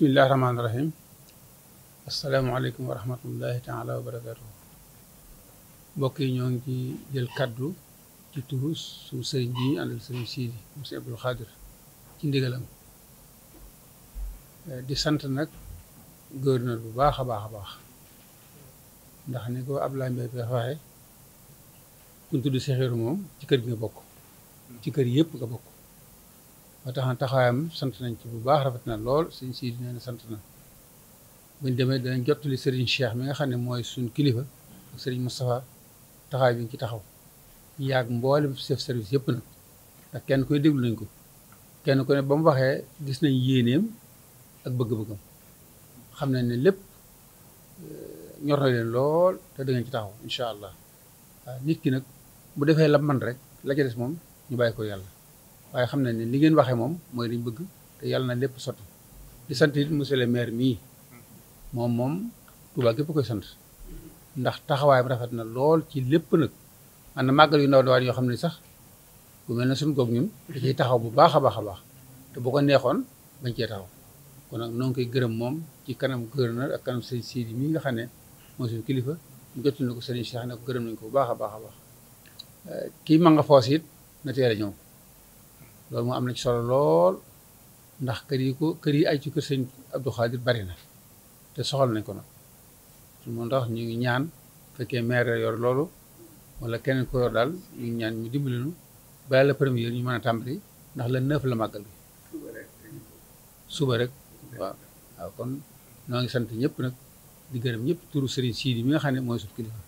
bismillahi rahmaani rahim asalaamualeykum wa rahmatullahi taala wa barakatuhu mbokk yi ñoo ngi jël kaddu ci turu suñu sëriñ bi ñu àndal sëriñ Siidi monsieur Abdul Xaadir ci ndigalam eh, di sant nag gouverneur bu baax a baax a baax ndax ni ko Abdoulaye Mbaye ba waxee kuñ tudd Seex Ibra moom ci kër gi nga bokk ci kër yëpp nga bokk tax taxan taxawaayam sant nañ ci bu baax rafet na lool suñ Sidi nee sant na buñ demee danañ jottali sëriñ Cheikh mi nga xam ne mooy suñ kilifa ak sëriñ Moustapha taxawaay bi ñu ci taxaw yaag mboolem chef service yëpp nag ndax kenn koy déglu nañ ko kenn ku ne ba mu waxee gis nañ yéeneem ak bëgg-bëggam xam nañ ne lépp euh, ñor na leen lool te da ngeen taxaw incha allah nit ki nag bu defee la man rek la ca des moom ñu bàyyi ko yàlla waaye xam nañ ne li ngeen waxee moom mooy liñ bëgg te yàlla na lépp sotti di sant it monsieur le maire mii moom moom Touba gépp koy sant ndax taxawaay taxawaayam rafet na lool ci lépp nag man na màggal yu ndaw ndawaan yoo xam ne sax bu mel ne suñ goog ñun da ciy taxaw bu baax a baax a baax te bu ko neexoon bañ cee taxaw kon nag noo ngi koy gërëm moom ci kanam gouverneur ak kanam sëñ Sidi mii nga xam ne mooy suñu kilifa jot na ko seen Cheikh ne ko gërëm nañ ko bu baax a baax a baax kii ma nga foos it na teel a ñëw loolu moo am na ci solo lool ndax kër yi ko kër yi ay ci kër sëñ Abdou Khadir bari na te soxal nañ ko nag mu tax ñu ngi ñaan fekkee maire yor loolu wala keneen ko daal ñu ñaan ñu dimbali ñu bàyyi la premier ñu mën a tàmbali ndax la neuf la màggal bi suba rek waaw waaw kon ñoo ngi sant ñëpp nag di gërëm ñëpp turu Serigne Sidi mi nga xam ne mooy suñu kilifa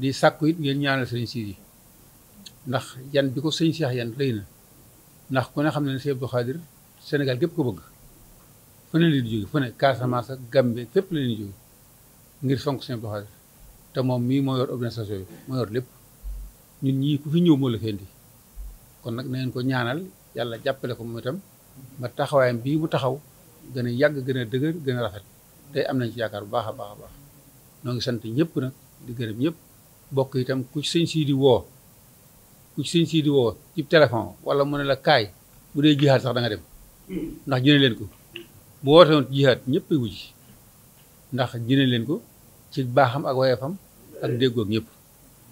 di sàkku it ngeen ñaanal Serigne Sidi ndax yan bi ko sëñ Cheikh yan rëy na ndax ku ne xam ne ne Cheikh Abdou Khadir Sénégal gépp ko bëgg fu ne leen di jóge fu ne Casamance ak Gambie la leen jóge ngir sonk Cheikh Abdou Khadir te moom mii moo yor organisation bi moo yor lépp ñun ñii ku fi ñëw moo la fi kon nag na ngeen ko ñaanal yàlla jàppale ko moom itam ba taxawaayam bii mu taxaw gën a yàgg gën a dëgër gën a rafet tey am nañ ci yaakaar bu baax a baax a baax noo ngi sant ñëpp nag di gërëm ñëpp bokk itam ku sëñ sii di woo ku ci sëñ woo ci téléphone wala mun ne la kaay bu dee jihaat sax danga dem ndax jëne leen ko bu wootewoon jihaat ñëpp ay wuji ndax jëne leen ko ci baaxam ak woyefam ak déggoog ñëpp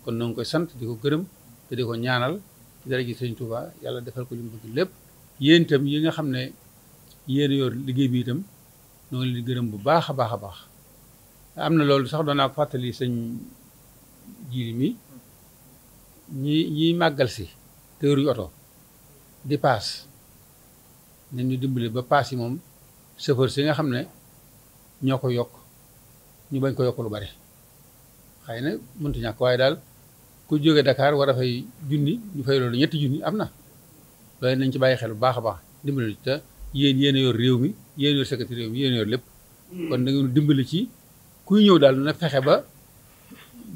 kon noo ko sant di ko gërëm te di ko ñaanal ci dara ji sëñ Touba yàlla defal ko li mu lépp yéen itam yi nga xam ne yéen yor liggéey bi itam noo ngi gërëm bu baax a baax a baax am na loolu sax doon naa fàttali sëñ jiiri mi ñi ñiy màggal si tër yu oto di paas nañ ñu dimbali ba paas yi moom chauffeur si nga xam ne ñoo ko yokk ñu bañ ko yokk lu bari xëy na mëntu ñàkk waaye daal ku jóge dakaar war a fay junni ñu fay loolu ñetti junni am na loolu nañ ci bàyyi xel bu baax a baax dimbali te yéen yéen yor réew mi yéen yor secrétaire mi yéen yor lépp hmm. kon da ngeen dimbali ci kuy ñëw daal na fexe ba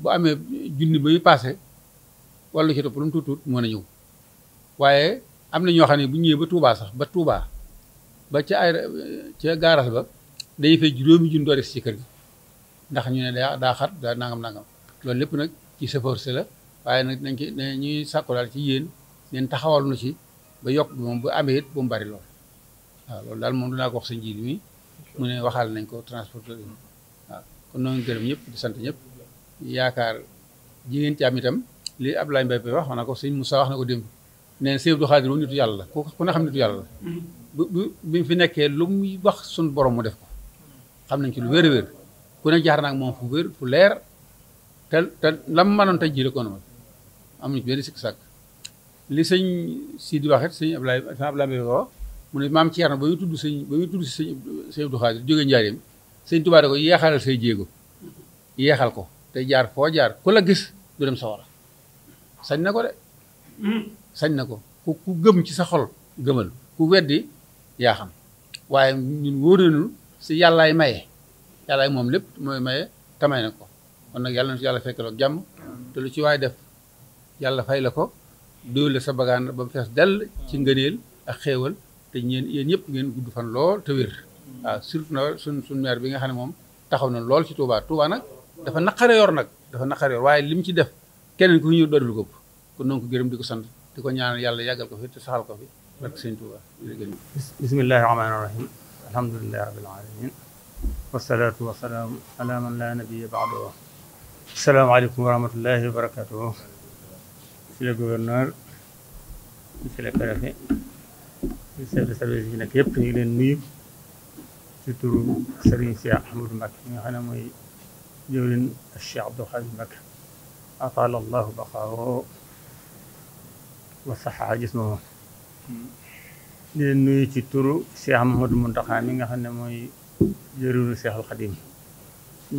bu amee junni ba muy paase wala lu ci topp lu mu tuut tuut mën a ñëw waaye am na ñoo xam ne bu ñëwee ba Touba sax ba Touba ba ca ay ca gaaras ba day fay juróomi jun doo des ci kër gi ndax ñu ne daa daa xat daa nangam nangam loolu lépp nag ci sa force la waaye nag nañ ci ne ñuy ci yéen leen taxawal na ci ba yokk moom bu amee it ba mu bari lool waaw loolu daal moom dinaa ko wax sa njiit mi mu ne waxaal nañ ko transporteur waaw kon noo ngi gërëm ñëpp di sant ñëpp yaakaar ji ngeen am itam li Abdoulaye Mbaye wax na ko sëñ Moussa wax na ko démb neen sëñ Abdou yàlla ku ku xam nitu yàlla mm-hmm. bu bu fi nekkee lu muy wax suñ borom mu def ko xam nañ ci lu wér a jaar naag moom fu wér fu leer la ko amal amuñu benn sikk li sëñ si di sëñ Abdoulaye Abdoulaye mu ne maam Thierno ba muy tudd sëñ ba muy tudd si sëñ Abdou Khadir jógee njaareem ko yeexalal say jéego mm-hmm. yeexal ko te jaar foo jaar ku la gis du dem sawara sañ na ko de hmm. sañ na ko ku ku gëm ci sa xol gëmal ku weddi yaa xam waaye ñun wóor nañu si yàllaay maye yàllaay moom lépp mooy maye tamay na ko kon nag yàlla na yàlla fekkaloo ak jàmm te lu ci waaye def yàlla fay la ko doole sa bagaana ba mu fees dell ci ngëneel ak xéewal te ñeen yéen ñëpp ngeen gudd fan lool te wér waaw surtout na sun suñ maire bi nga xam ne moom taxaw na lool ci Touba Touba nag dafa naqare yor nag dafa naqare yor waaye li mu ci def keneen ku ñëw doonul ko kon donc gërëm di ko sant di ko ñaanal yàlla yàggal ko fi te saxal ko fi barke sëñ Tuuba bismillahi rahmaani rahim alhamdulillahi rabbil alamin wasalaatu wasalaamu ala man nabiya baado asalaamaaleykum wa rahmatullahi wa barakatuh monsieur le gouverneur monsieur le préfet chef de service ñu ngi leen nuyu ci turu Serigne Cheikh Ahmadou Mbacké ñi nga xam ne mooy jëwriñ Cheikh Abdou Khadim Mbacké ataala allahu baqaahu wa saxaa jismahu di leen nuyu ci turu Cheikh Mahamadou Muntaxa mi nga xam ne mooy jëriñu Cheikhul Xadim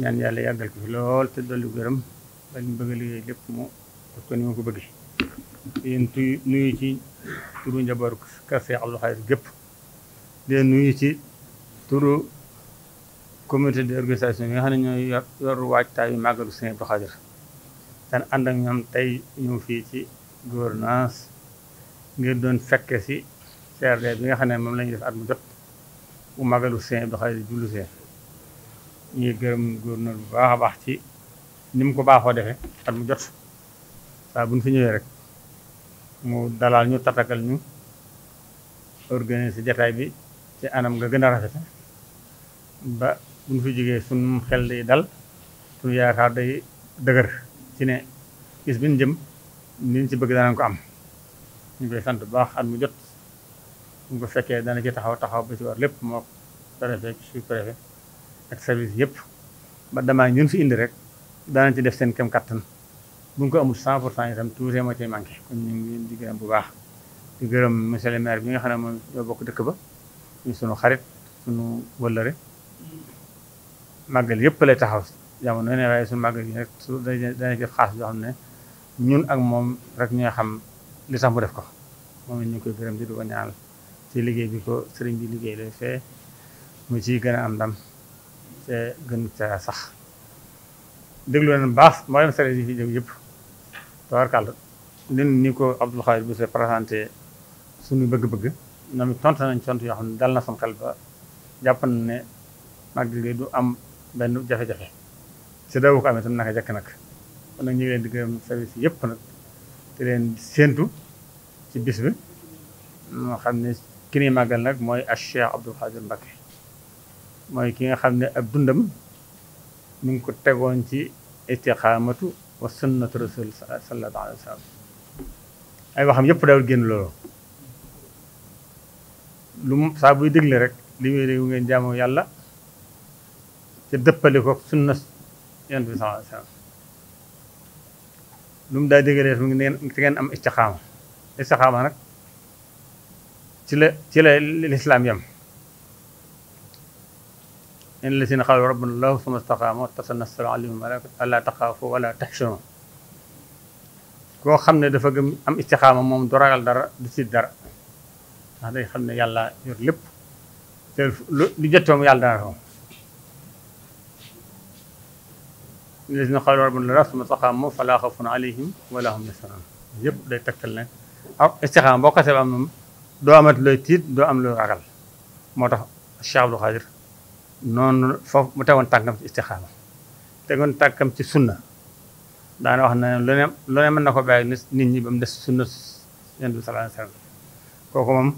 ñaan yàlla yàggal ko fi lool te dolli gërëm ba ñu bëgg mu def ko ni ma ko bëggee di leen tuy ci turu njabootu kër Cheikh Abdou Khadre gépp di leen ci turu comité d'organisation bi nga xam ne ñooy yor waajtaayu màggalu Sëñ Abdou Khadre daan ànd ak ñoom tey ñëw fii ci gouvernance ngir doon fekke si CRD bi nga xam ne moom la ñuy def at mu jot bu magalu Sëñ Abdou Khadre jullu see ñuy gërëm gouverneur bu baax a baax ci ni mu ko baaxoo defe at mu jot saa buñ fi ñëwee rek mu dalaal ñu tatakal ñu organiser jataay bi ci anam nga gën a rafete ba buñ fi jógee suñ xel day dal suñ yaakaar day dëgër ci ne bis bi ñu jëm niñ ci bëgg danañ ko am ñu koy sant bu baax at mu jot ñu ko fekkee dana ci taxaw taxaw ba ci war lépp moo préfet sous ak service yëpp ba damaa ñun fi indi rek daanañ ci def seen kem kattan bu ngi ko amul 100 pour cent itam toujours moo ciy manqué kon ñu ngi di gërëm bu baax di gërëm monsieur le maire bi nga xam ne moom ñoo bokk dëkk ba ñu sunu xarit sunu wëllëre màggal yëpp lay taxaw jamono ne waaye su mag yi rek su danañ def xaas yoo xam ne ñun ak moom rek ñoo xam li tax mu def ko moom it ñu ngi koy gërëm di ko ñaanal ci liggéey bi ko sëriñ bi liggéey lay fee mu ciy gën a am ndam te gën sax déglu leen baax mboolem sëriñ yi fi jóg yëpp tawarkàll nin ni ko Abdoul Khadir bu se présenté suñu bëgg-bëgg ñoom it tont nañ tont yoo xam ne dal na sam xel ba jàpp na ne màgg du am benn jafe-jafe ci daw ko amee tam naka jekk nag kon nag ñu ngi leen di gërëm service yëpp nag te leen séentu ci bis bi xam ne ki ni nag mooy a Cheikh Abdou Khadr Mbacké mooy ki nga xam ne ab dundam mi ngi ko tegoon ci istiqaamatu wa sunnatu rasul sallallahu alayhi wa sallam ay waxam yëpp dawul génn loolu lu saa buy dégle rek li muy déglu ngeen jaamu yàlla te dëppale ko sunna yonent bi sallallahu alayhi lu mu daa dëgëreef mu ngi neen ngeen am istixaama istixaama nag ci la ci la lislaam yam in lazina qaalu rabbuna allahu summa staqaamu tatanassalu alayhim al-malaa'ikatu allaa taxaafu wa laa taxzanu koo xam ne dafa gëm am istixaama moom du ragal dara du si dara ndax day xam ne yàlla yor lépp lu jotoom yàlla dana الذين قالوا ربنا الله ثم استقاموا فلا خوف عليهم ولا هم يحزنون yëpp day takkal ne ah istixaama boo xasee ba am moom doo amat looy tiit doo am looy ragal moo tax Cheikh Abdou Khadir noonu foofu mu tegoon tànkam ci ci sunna daa ne lu ne lu ne mën na ko bàyyi nit ñi ba mu des sunna Yonent bi sallallahu alayhi wa sallam kooku moom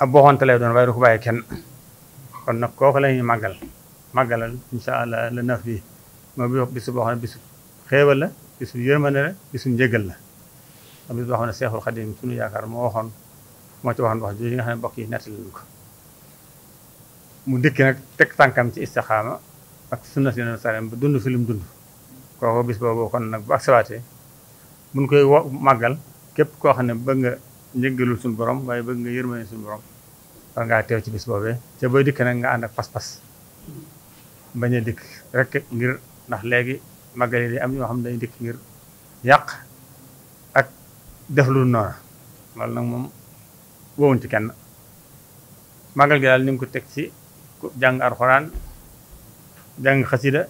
ab boxonte lay doon waaye du ko bàyyi kenn kon nag kooku la ñuy màggal allah le neuf mooy bis bis boo xam ne bisu xéewal la bisu yërmande la a bis boo xam ne Seexul Xadim sunu yaakaar moo waxoon moo ci waxoon wax nga xam ne mbokk yi nettali mu dikki nag teg tànkam ci istixaama ak sunna si yeneen salem ba dund fi lu mu dund kooku bis boobu kon nag bu agsiwaatee buñ koy wo màggal képp koo xam ne bëgg nga njëggalul suñu borom waaye bëgg nga yërmande suñu borom war ngaa teew ci bis boobee ca booy dikk nag nga ànd ak pas-pas bañ a dikk rek ndax léegi màggali di am ñoo xam ne day dikk ngir yàq ak def lu noona loolu nag moom wowuñ ci kenn màggal gi daal ni nga ko teg ci jàng alxuraan jàng xasida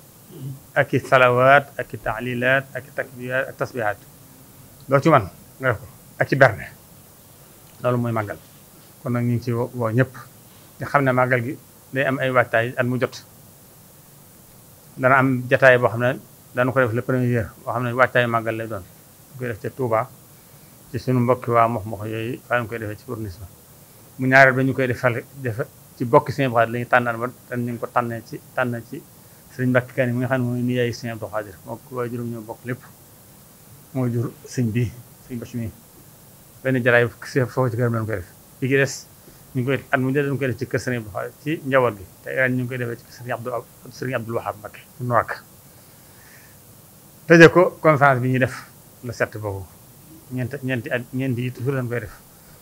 ak salawaat ak i ak i ak tasbihaat loo ci man nga def ko ak ci berne loolu mooy màggal kon nag ñu ngi ci woo ñëpp nga xam ne màggal gi day am ay waajtaay at mu jot dana am jataay boo xam ne dana ko def le premier boo xam ne wàccaay màggal lay doon koy def ca Touba ci sunu mbokki waa mox mox yooyu faa ngi koy defee ci fournissement mu ñaareel ba ñu koy defal defe ci bokki Sëñ Abdou Khadre la ñu tànnal ba dan ñu ngi ko tànnee ci tànn ci sëñ Mbàkke Kan mi nga xam ne mooy nijaay Sëñ Abdou Khadre moo waaye juróom ñoo bokk lépp moo jur sëñ bi sëñ Bachir mi benn jaraay foofu ci këram lañ koy def bi ci des ñu ngi koy at mu ne dañu koy def ci kër Serigne Abdou Khadre ci njaboot gi te ren ñu ngi koy defee ci Serigne Abdou Serigne Abdou Wahab Mbacké nu wàkk tëje ko conférence bi ñuy def le sept boobu ñeenti at ñeenti yi toujours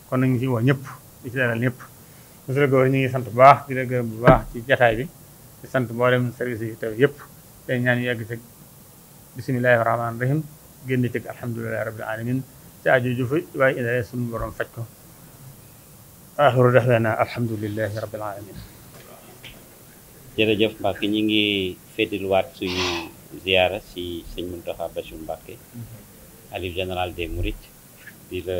kon nañu ci woo ñëpp di ci ñu ngi sant bu baax di la gërëm bu baax bi sant mboolem service yi taw yëpp tey ñaan yegg ci bisimilahi rahmaani rahim génn ci alhamdulilahi rabbil alamin ci aju ju fa waaye indaale suñu borom faj ko axiru dahwana alhamdulilahi rabbil alamin jërëjëf Mbacke ñi ngi féddilwaat suñu ziyaara si sëñ Muntaxa Bachir Mbacke xalif général de Mourides di la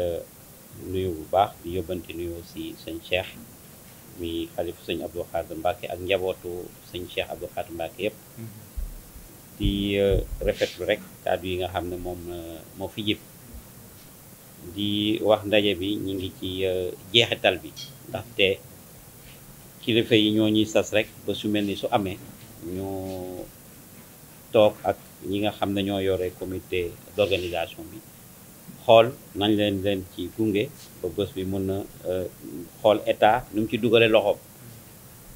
nuyu bu baax di yóbbante nuyu si sëñ Cheikh mi xalifu sëñ Abdou Khadir Mbacke ak njabootu sëñ Cheikh Abdou Khadir Mbacke yépp mm-hmm. di euh, rafetlu rek kàddu yi nga xam ne moom euh, moo fi jib di wax ndaje bi ñu ngi ci euh, jeexital bi ndaxte kilifa yi ñoo ñuy sas rek ba su mel ni su amee ñu toog ak ñi nga xam ne ñoo yore comité d'organisation bi xool nañ leen leen ci gunge ba bés bi mën na euh, xool état nu mu ci dugalee loxoom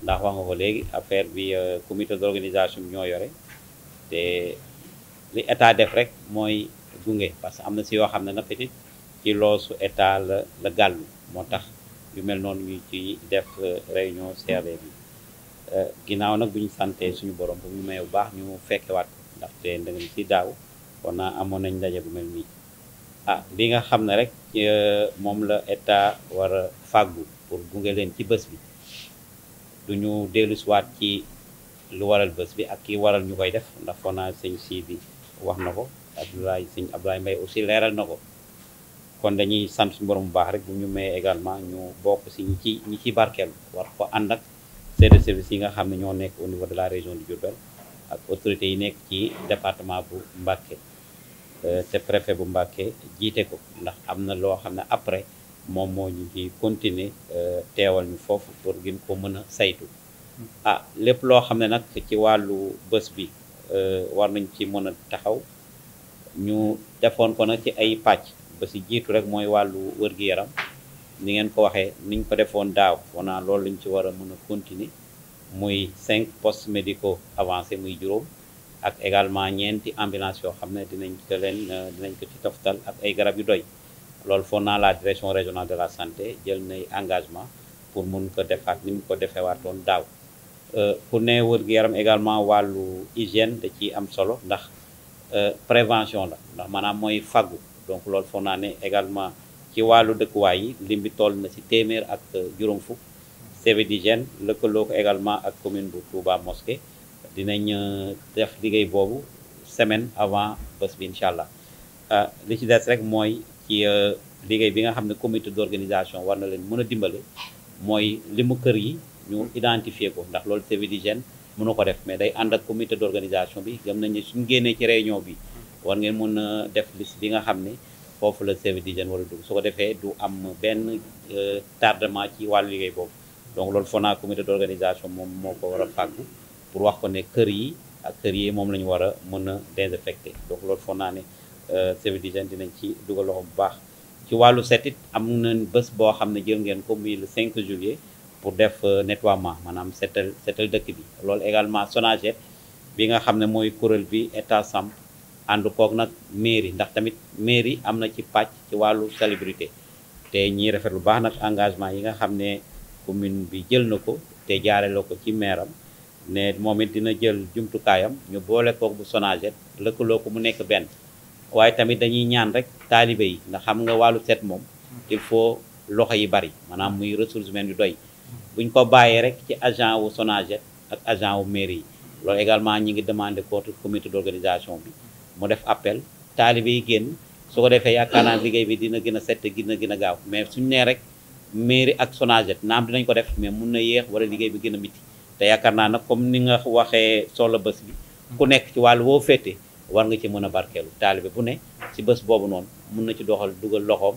ndax wax nga ko léegi affaire bi euh, comité d'organisation bi ñoo yore te li état def rek mooy gunge parce que am na si yoo xam na na peut ci loosu état la la gàllu moo tax yu mel noonu ñu ci def euh, réunion seerle bi euh, ginnaaw nag bu ñu sante suñu borom bu mu may bu baax ñu fekkewaat ko ndaxte ndangam si daaw kon naa amoon nañ ndaje bu mel nii ah li nga xam ne rek euh, moom la état war a fàggu pour gunge leen ci bës bi du ñu dellusiwaat ci lu waral bés bi ak ki waral ñu koy def ndax foo naa sëñ si bi wax na ko Abdoulaye sëñ Abdoulaye Mbaye aussi leeral na ko kon dañuy sant suñu borom bu baax rek bu ñu mayee également ñu bokk si ñi ci ñi ci barkeel war ko ànd ak chef de service yi nga xam ne ñoo nekk au de la région de Diourbel ak autorité yi nekk ci département bu Mbacké euh, te préfet bu Mbacké jiite ko ndax am na loo xam ne après moom moo ñu ci continuer euh, teewal ñu foofu pour gën ko mën a saytu ah lépp loo xam ne nag ci wàllu bés bi euh, war nañ ci mën a taxaw ñu defoon ko nag ci ay pàcc ba si jiitu rek mooy wàllu wër-gi-yaram ni ngeen ko waxee niñ ko defoon daaw wanaa loolu lañ ci war mun a continuer muy cinq post médicaux avancé muy juróom ak également ñeenti ambulance yoo xam ne dinañ ko leen dinañ ko ci toftal ak ay garab yu doy loolu foog naa la direction régionale de la santé jël nay engagement pour mun ko defaat ni mu ko defee waatoon daaw pour euh, ne wër-gi-yaram également wàllu hygiène da ciy am solo ndax euh, prévention la ndax maanaam mooy faggu donc loolu foog naa ne également ci wàllu dëkkuwaay yi lim bi toll na ci téeméer ak juróom fukk service d'hygiène lëkkaloo ko également ak commune bu Touba Mosquée dinañ euh, def liggéey boobu semaine avant bés bi incha allah euh, li ci des rek mooy ci euh, liggéey bi nga xam ne comité d'organisation war na leen mën a dimbale mooy limu kër yi ñu identifier ko ndax lool loolu service d'hygiène mënu ko def mais day ànd ak comité d'organisation bi gëm nañ ne suñ génnee ci réunion bi war ngeen mën a def liste bi nga xam ne foofu la service d'hygiène war a dugg su ko defee du am benn euh, tardement ci wàllu liggéey boobu donc loolu foo naa comité moom moo ko war a fàggu pour wax ko ne kër yi ak kër yi moom la ñu war a mën a désinfecté donc lool foo naa ne euh, service d'hygiène dinañ ci dugal loxo bu baax ci wàllu setit am na bés boo xam ne jël ngeen ko muy le 5 juillet pour def euh, nettoiement maanaam setal setal dëkk bi loolu également SONAGED bi nga xam ne mooy kuréel bi état samp ànd koog nag mairie ndax tamit mairie am na ci pàcc ci wàllu salubrité te ñiy rafet lu baax nag engagement yi nga xam ne commune bi jël na ko te jaare ko ci maire am ne moom it dina jël jumtukaayam ñu boole koog bu Sonaged lëkkaloo ko mu nekk benn waaye tamit dañuy ñaan rek taalibe yi ndax xam nga wàllu set moom il faut loxo yi bari maanaam muy ressources humaines yu doy buñ ko bàyyee rek ci agent wu Sonaged ak agent wu mairie yi loolu également ñi ngi demandé ko comité d'organisation bi mu def appel taalibe yi génn su ko defee yaakaar naa liggéey bi dina gën a set dina gën a gaaw mais suñu nee rek mairie ak Sonaged naam dinañ ko def mais mun na yéex wala liggéey bi gën a te yaakaar naa nag comme ni nga waxee soxla bés bi ku nekk ci wàllu woo féete war nga ci mën a barkeelu taalibe bu ne ci bés boobu noonu mun na ci doxal dugal loxoom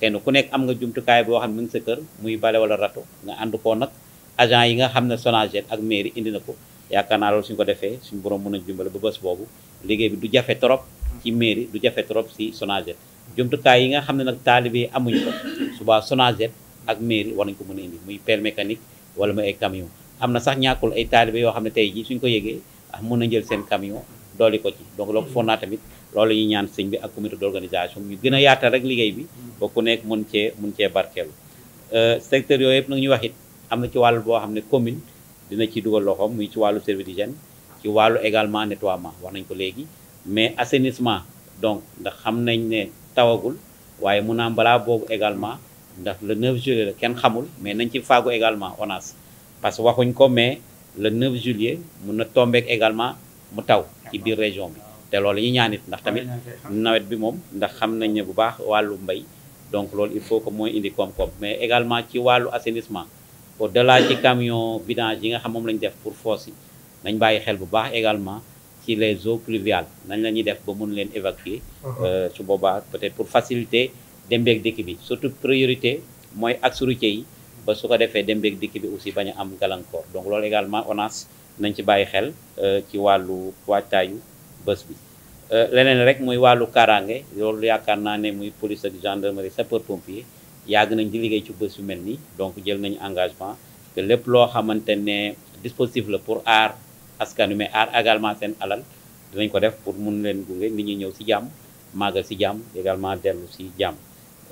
kenn ku nekk am nga jumtukaay boo xam ne mu ngi sa kër muy bale wala rato nga ànd koo nag agent yi nga xam ne Sonaged ak mairie indi na ko yaakaar naa loolu suñ ko defee suñ borom mun a jumbale ba bës boobu liggéey bi du jafe trop ci mairie du jafe trop si Sonaged jumtukaay yi nga xam ne nag taalibe amuñ ko subaa Sonaged ak mairie war nañ ko mën a indi muy pelle mécanique wala muy ay camion am na sax ñàkkul ay taalibe yoo xam ne tey jii suñ ko yëgee ah mën na jël seen camion dooli ko ci donc loolu foog naa tamit loolu ñuy ñaan sëñ bi ak comité d'organisation ñu gën a rek liggéey bi ba ku nekk mun cee mun cee barkeelu euh, secteur yooyu yëpp nag ñu wax it am na ci wàll boo xam ne commune dina ci dugal loxoom muy ci wàllu service d'hygiène ci wàllu également nettoiement wax nañ ko léegi mais assainissement donc ndax xam nañ ne tawagul waaye mun naa mbalaa boobu également ndax le 9 juillet la kenn xamul mais nañ ci faagu également ONAS parce que waxuñ ko mais le 9 juillet mun na tombeek également mu taw ci biir région bi te loolu ñu ñaanit ndax tamit nawet bi moom ndax xam nañ ne bu baax wàllu mbay donc loolu il faut que mooy indi koom-koom mais également ci wàllu assainissement au delà ci camion yi nga xam moom la ñu def pour fosse yi nañ bàyyi xel bu baax également ci les eaux pluviales nañ la ñuy def ba mun leen évacuer uh-huh. euh, su boobaa peut-être pour facilité dem dikk bi surtout priorité mooy axe routier yi ba su ko defee dem dikk bi aussi bañ a am gàllankoor donc loolu également ONAS nañ ci bàyyi xel euh, ci wàllu waajtaayu bës bi euh, leneen rek muy wàllu kaaraange loolu yaakaar naa ne muy police ak gendarmerie sapeur pompier yàgg nañ di liggéey ci bës yu mel nii donc jël nañu engagement lépp loo xamante ne dispositif la pour aar askan wi mais aar également seen alal dinañ ko def pour mun leen gunge nit ñi ñëw si jàmm màggal si jàmm également dellu si jàmm.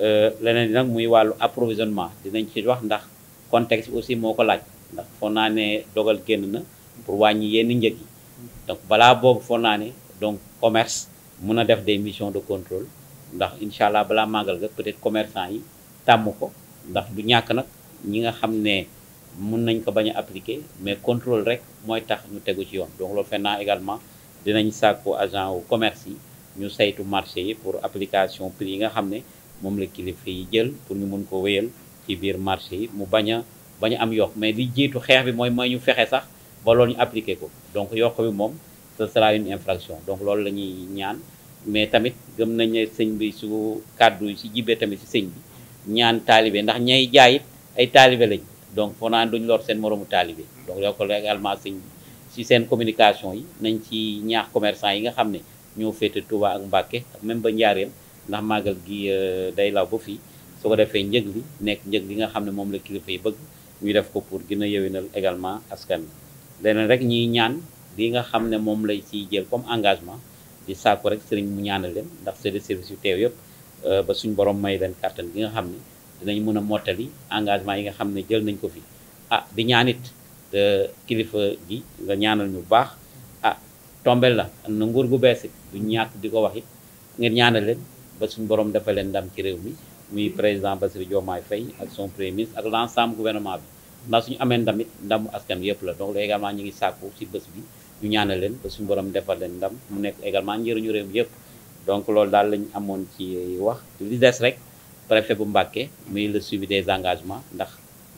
Euh, leneen nag muy wàllu approvisionnement dinañ ci wax ndax contexte aussi moo ko laaj ndax foog naa ne dogal génn na pour wàññi yenn njëg yi donc balaa boobu foog naa ne donc commerce mun a def des missions de contrôle ndax incha allah balaa màggal ga peut-être commerçant yi tàmm ko ndax du ñàkk nag ñi nga xam ne. mun nañ ko bañ a mais contrôle rek mooy tax ñu tegu ci yoon donc loolu fennaa également dinañ sàkku agent wu commerce yi ñu saytu marché yi pour application prix yi nga xam ne moom la kilifa yi jël pour ñu mun ko wéyal ci biir marché yi mu bañ a bañ a am yokk mais li jiitu xeex bi mooy mooy ñu fexe sax ba loolu ñu appliquer ko donc yokk bi moom ce sera une infraction donc loolu la ñuy ñaan mais tamit gëm nañ ne sëñ bi su kàddu yi si jibee tamit si sëñ bi ñaan taalibe ndax ñay jaayit ay taalibe lañ donc foo naa duñ lor seen moroomu taalibe donc yow ko également sëñ si seen communication yi nañ ci ñaax commerçant yi nga xam ne ñoo féete Touba ak Mbacké ak même ba Njaareem ndax màggal gi euh, day law ba fii su ko defee njëg li nekk njëg li nga xam ne moom la kilifa yi bëgg ñu def ko pour gën a yewinal également askan wi leneen rek ñuy ñaan li nga xam ne moom lay ciy jël comme engagement di sàkku rek sëriñ mu ñaanal ndax c'est des services yu teew yëpp euh, ba suñ borom may leen kàttan gi nga xam ne dinañ mën a mottali engagement yi nga xam ne jël nañ ko fii ah di ñaanit euh, kilifa gi nga ñaanal ñu baax ah tombel la na nguur gu bees it du ñàkk di ko wax it ngeen ñaanal leen ba suñ borom defal leen ndam ci réew mi muy président Bassirou Diomaye Faye ak son premier ministre ak l' ensemble gouvernement bi suñu amee ndamu askan yëpp la donc également ñu ngi sàkku si bés bi ñu ñaanal leen suñu borom defal leen ndam mu nekk également njëriñu réew mi yëpp donc loolu daal lañu amoon ci wax li des rek préfet bu Mbacké muy le suivi des engagements ndax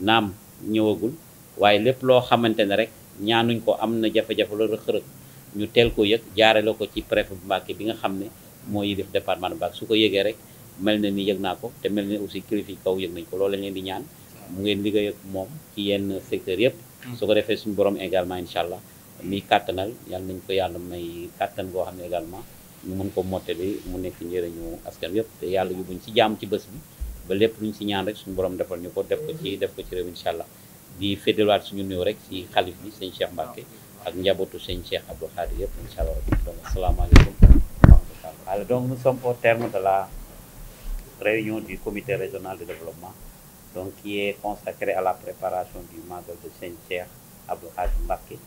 naam ñëwagul waaye lépp loo xamante ne rek ñaanuñ ko am na jafe-jafe la rëq-rëq ñu teel ko yëg jaarale ko ci préfet bu Mbacké bi nga xam ne moo yilif département de Mbacké su ko yëgee rek mel na ni yëg naa ko te mel ne ni aussi kilifa yi kaw yëg nañ ko loolu lañ leen di ñaan mu ngeen liggéey ak moom ci yenn secteur yëpp mm. su ko defee suñu borom également incha allah mi kàttanal yàlla nañ ko yàlla may kàttan goo xam ne également ñu mën ko mottali mu nekk njëriñu askan yëpp te yàlla yóbbuñ ci jaam ci bës bi ba lépp luñ ci ñaan rek suñu borom defal ñu ko def ko ci def ko ci réew incha allah di fédéluwaat suñu néew rek ci xalif bi sëñ Cheikh Mbacke ak njabootu sëñ Cheikh Abdou Khadre yëpp incha allah donc asalaamaaleykum alors donc nous sommes au terme de la réunion du comité régional de développement donc qui est consacré à la préparation du Magal de Sëñ Cheikh Abdou Khadre Mbacke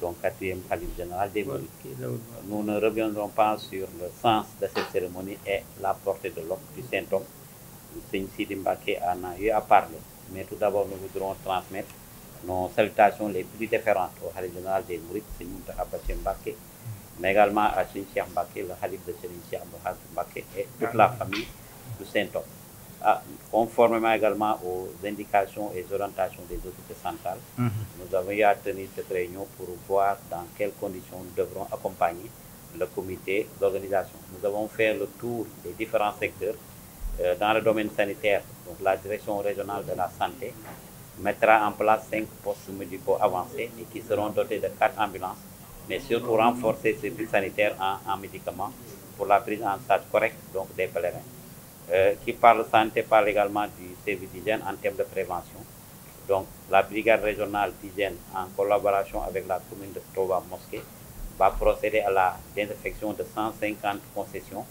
donc quatrième khalife général des Mourides. Nous ne reviendrons pas sur le sens de cette cérémonie et la portée de l'homme, du Saint-Homme. si Sidi Mbaké en a eu à parler. Mais tout d'abord, nous voudrons transmettre nos salutations les plus différentes au khalife général des Mourides, Seigne Moutaka Mbaké, mais également à Seigne Cheikh Mbaké, le khalife de Seigne Cheikh Mbaké et toute la famille du saint Ah, conformément également aux indications et orientations des autorités centrales. Mmh. Nous avons eu cette réunion pour voir dans quelles conditions nous devrons accompagner le comité d'organisation. Nous avons fait le tour des différents secteurs euh, dans le domaine sanitaire. Donc la direction régionale de la santé mettra en place cinq postes médicaux avancés et qui seront dotés de quatre ambulances, mais surtout renforcer ces services sanitaires en, en médicaments donc des pèlerins. euh, qui parle santé parle également du service d'hygiène en termes de prévention. Donc la brigade régionale d'hygiène en collaboration avec la commune de Touba Mosquée va procéder à la désinfection de 150 concessions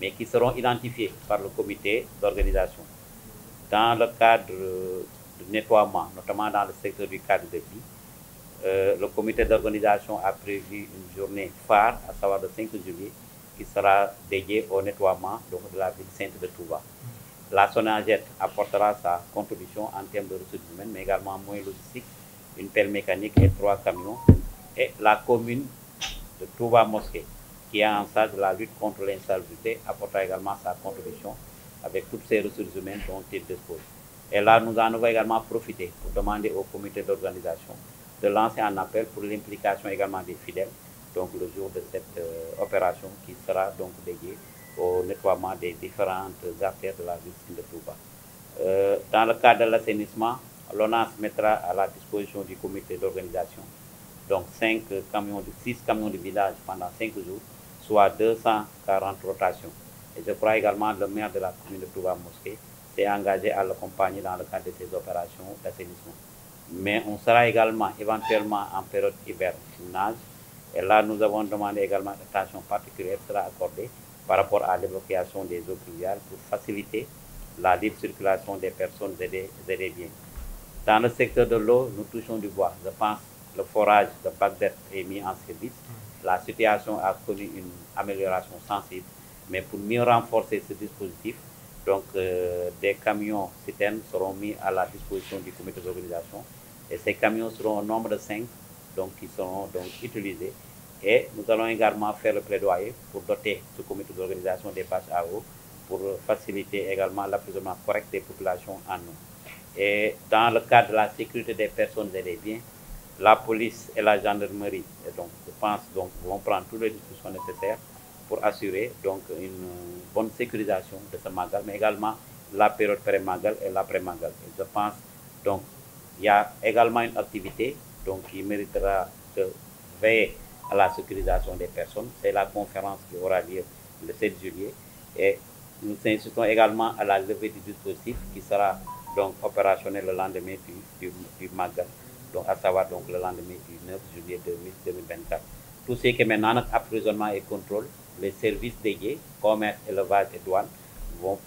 mais qui seront identifiées par le comité d'organisation. Dans le cadre de nettoiement, notamment dans le secteur du cadre de vie, euh, le comité d'organisation a prévu une journée phare, à savoir le juillet, qui sera dédié au nettoiement de la ville sainte de Touba. La Sonagette apportera sa contribution en termes de ressources humaines, mais également moins logistique, une pelle mécanique et trois camions. Et la commune de Touba Mosquée, qui est en charge la lutte contre l'insalubrité, apportera également sa contribution avec toutes ces ressources humaines dont il dispose. Et là, nous en avons également profité pour demander au comité d'organisation de lancer un appel pour l'implication également des fidèles donc le jour de cette euh, opération qui sera donc dédiée au des différentes artères de la ville de Touba. Euh, dans le cadre de l'assainissement, l'ONAS mettra à la disposition du comité d'organisation donc 5 camions, 6 camions de village pendant 5 jours, soit 240 rotations. Et je crois également que le maire de la commune de Touba Mosquée s'est engagé à l'accompagner dans le cadre de ces opérations d'assainissement. Mais on sera également éventuellement en période hivernage Et là, nous avons demandé également que attention particulière sera par rapport à l'évocation des eaux pluviales pour faciliter la libre circulation des personnes et des, et des biens. Dans le secteur de l'eau, nous touchons du bois. Je pense que le forage de Bagdad est mis en service. La situation a connu une amélioration sensible. Mais pour mieux renforcer ce dispositif, donc, euh, des camions citernes seront mis à la disposition du comité d'organisation. Et ces camions seront au nombre de 5 donc, qui seront donc utilisés. Et nous allons également faire le plaidoyer pour doter ce comité d'organisation des passes à eau pour faciliter également l'approvisionnement correct des populations en eau. Et dans le cadre de la sécurité des personnes et des biens, la police et la gendarmerie, et donc, je pense, donc, vont prendre toutes les discussions nécessaires pour assurer donc, une bonne sécurisation de ce magal, mais également la période pré-magal et l'après-magal. Je pense donc il également une donc qui méritera à la sécurisation des personnes. C'est la conférence qui aura lieu le 7 juillet. Et également à la levée du dispositif qui le lendemain du, donc à savoir le lendemain du 9 juillet 2024. Tout ce qui les services dédiés, élevage et douane, vont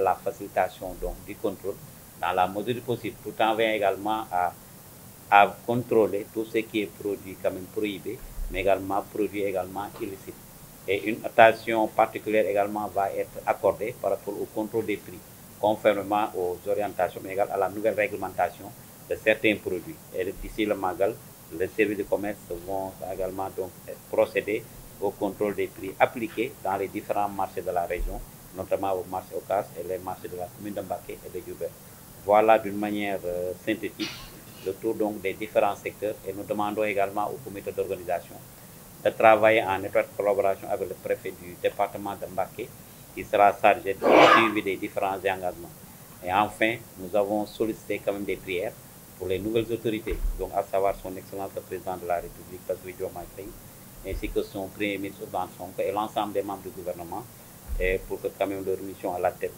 la facilitation donc, du la mesure du possible, tout à à contrôler tout ce qui est produit quand même prohibé, mais également produit également illicite. Et une attention particulière également va être accordée par rapport au contrôle des prix, conformément aux orientations, mais à la nouvelle réglementation de certains produits. Et d'ici le Magal, les services de commerce vont donc procéder au contrôle des prix appliqués dans les différents marchés de la région, notamment au marché Ocas les marchés de la commune d'Ambaké et de manière euh, le tour donc des différents secteurs et nous demandons également au comité d'organisation de travailler en étroite collaboration avec le préfet du département de Mbacké qui sera chargé de suivi des différents engagements. Et enfin, nous avons sollicité quand même des prières pour les nouvelles autorités, donc à savoir son Excellence le Président de la République, Bassirou Diomaye que son et l'ensemble des membres du gouvernement, pour que leur mission à la tête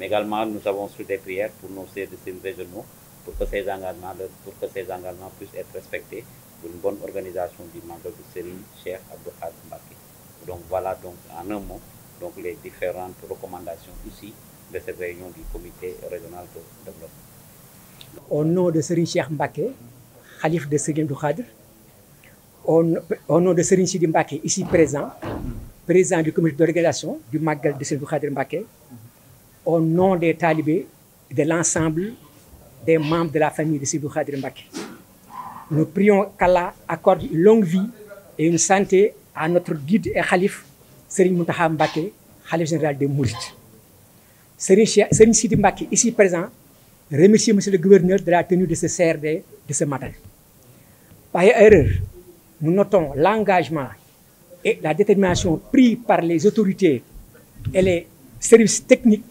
Mais également, nous avons su des prières pour nos services régionaux, pour que ces engagements, puissent être respectés pour bonne organisation du mandat de Serine Cheikh Abdou Mbaki. Donc voilà donc en un mot donc les différentes recommandations ici de cette réunion du comité régional de développement. Au nom de Serine Cheikh Mbake, Khalif de Serine Khadr, au, nom de Serine Sidi Mbake, ici présent, président du comité d'organisation au nom des talibés et de l'ensemble des membres de la famille de Sidi Khadir Mbake. Nous prions qu'Allah accorde une longue vie et une santé à notre guide et khalif, Serigne Moutaha Mbake, khalif général des Mourides. Serigne Sidi Mbake, ici présent, remercie Monsieur le gouverneur de la tenue de ce CRD de ce matin. Par erreur, nous notons l'engagement et la détermination pris par les autorités et les services techniques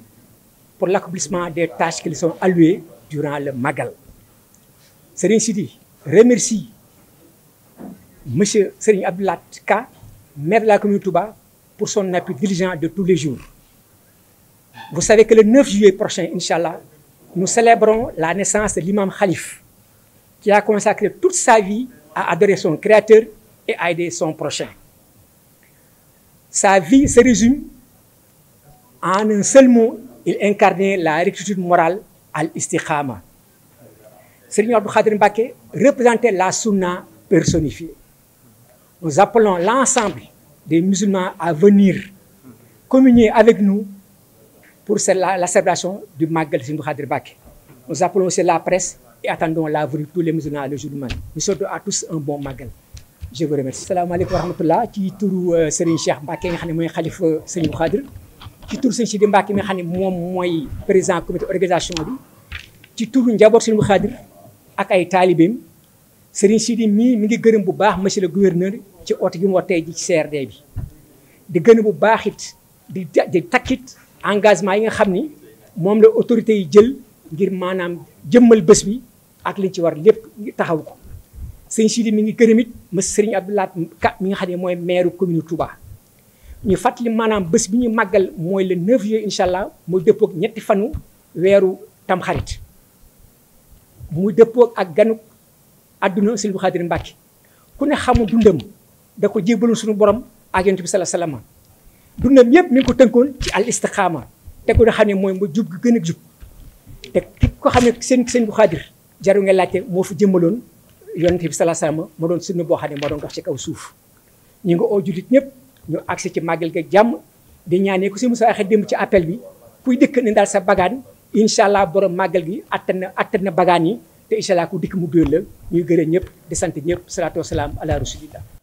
pour l'accomplissement des tâches qui lui sont allouées durant le Magal. Serigne Sidi remercie Monsieur Serigne Abdoulat Ka, maire de la commune de pour son appui diligent de tous les jours. Vous savez que le 9 juillet prochain, Inch'Allah, nous célébrons la naissance de l'imam Khalif, qui a consacré toute sa vie à adorer son Créateur et à aider son prochain. Sa vie se résume en un seul mot il incarnait la rectitude morale al istiqama Serigne Abdou Khadir Mbacké représentait la sunna personnifiée nous appelons l'ensemble des musulmans à venir communier avec nous pour la, la célébration du Magal Serigne Abdou Khadir Mbacké nous appelons aussi la presse et attendons la venue de tous les musulmans le jour du Magal nous à tous un bon Magal je vous remercie salaamaaleykum wa rahmatullah ci turu euh, Serigne Cheikh Mbacké nga xam ne mooy xalifa Serigne Abdou ci tur sëñ Sidi Mbacke mi xam ne moom mooy président comité organisation bi ci turu njaboot si bu Xaadir ak ay taalibeem sëriñ Sidi mii mi ngi gërëm bu baax monsieur gouverneur ci oote gi mu wax tey ji ci CRD bi di gën bu baax it di di takkit engagement yi nga xam ni moom la autorité yi jël ngir maanaam jëmmal bés bi ak liñ ci war lépp taxaw ko sëñ Sidi mi ngi gërëm ma monsieur sëriñ Abdoulaye Ka mi nga xam ne mooy maire commune tubaa ñu fàttali maanaam bés bi ñu màggal mooy le 9 juillet incha allah muy dëppoog ñetti fanu weeru tamxarit muy dëppoog ak ganuk àdduna si Abdou Khadre Mbàkke ku ne xamul dundam da ko jébalu suñu borom ak yonent bi sala salama dundam yëpp mi ngi ko tënkoon ci al istixaama te ne xam ne mooy mu jub gën a jub te ki ko xam ne seen sëñ bu xaadir jaru nga laajte moo fi jëmmaloon yonent bi sala salama ma doon sunna boo xam ne moo doon dox ci kaw suuf ñu nga oo jullit ñëpp ñu agsi ci màggal ga jàmm di ñaanee ko si musa waxe démb ci appel bi kuy dëkk ne daal sa bagaan incha allah borom màggal gi attan na na bagaan yi te incha allah ku dikk mu dóor la ñuy gërëm ñëpp di sant ñëpp salaatu wasalaam ala rasulillah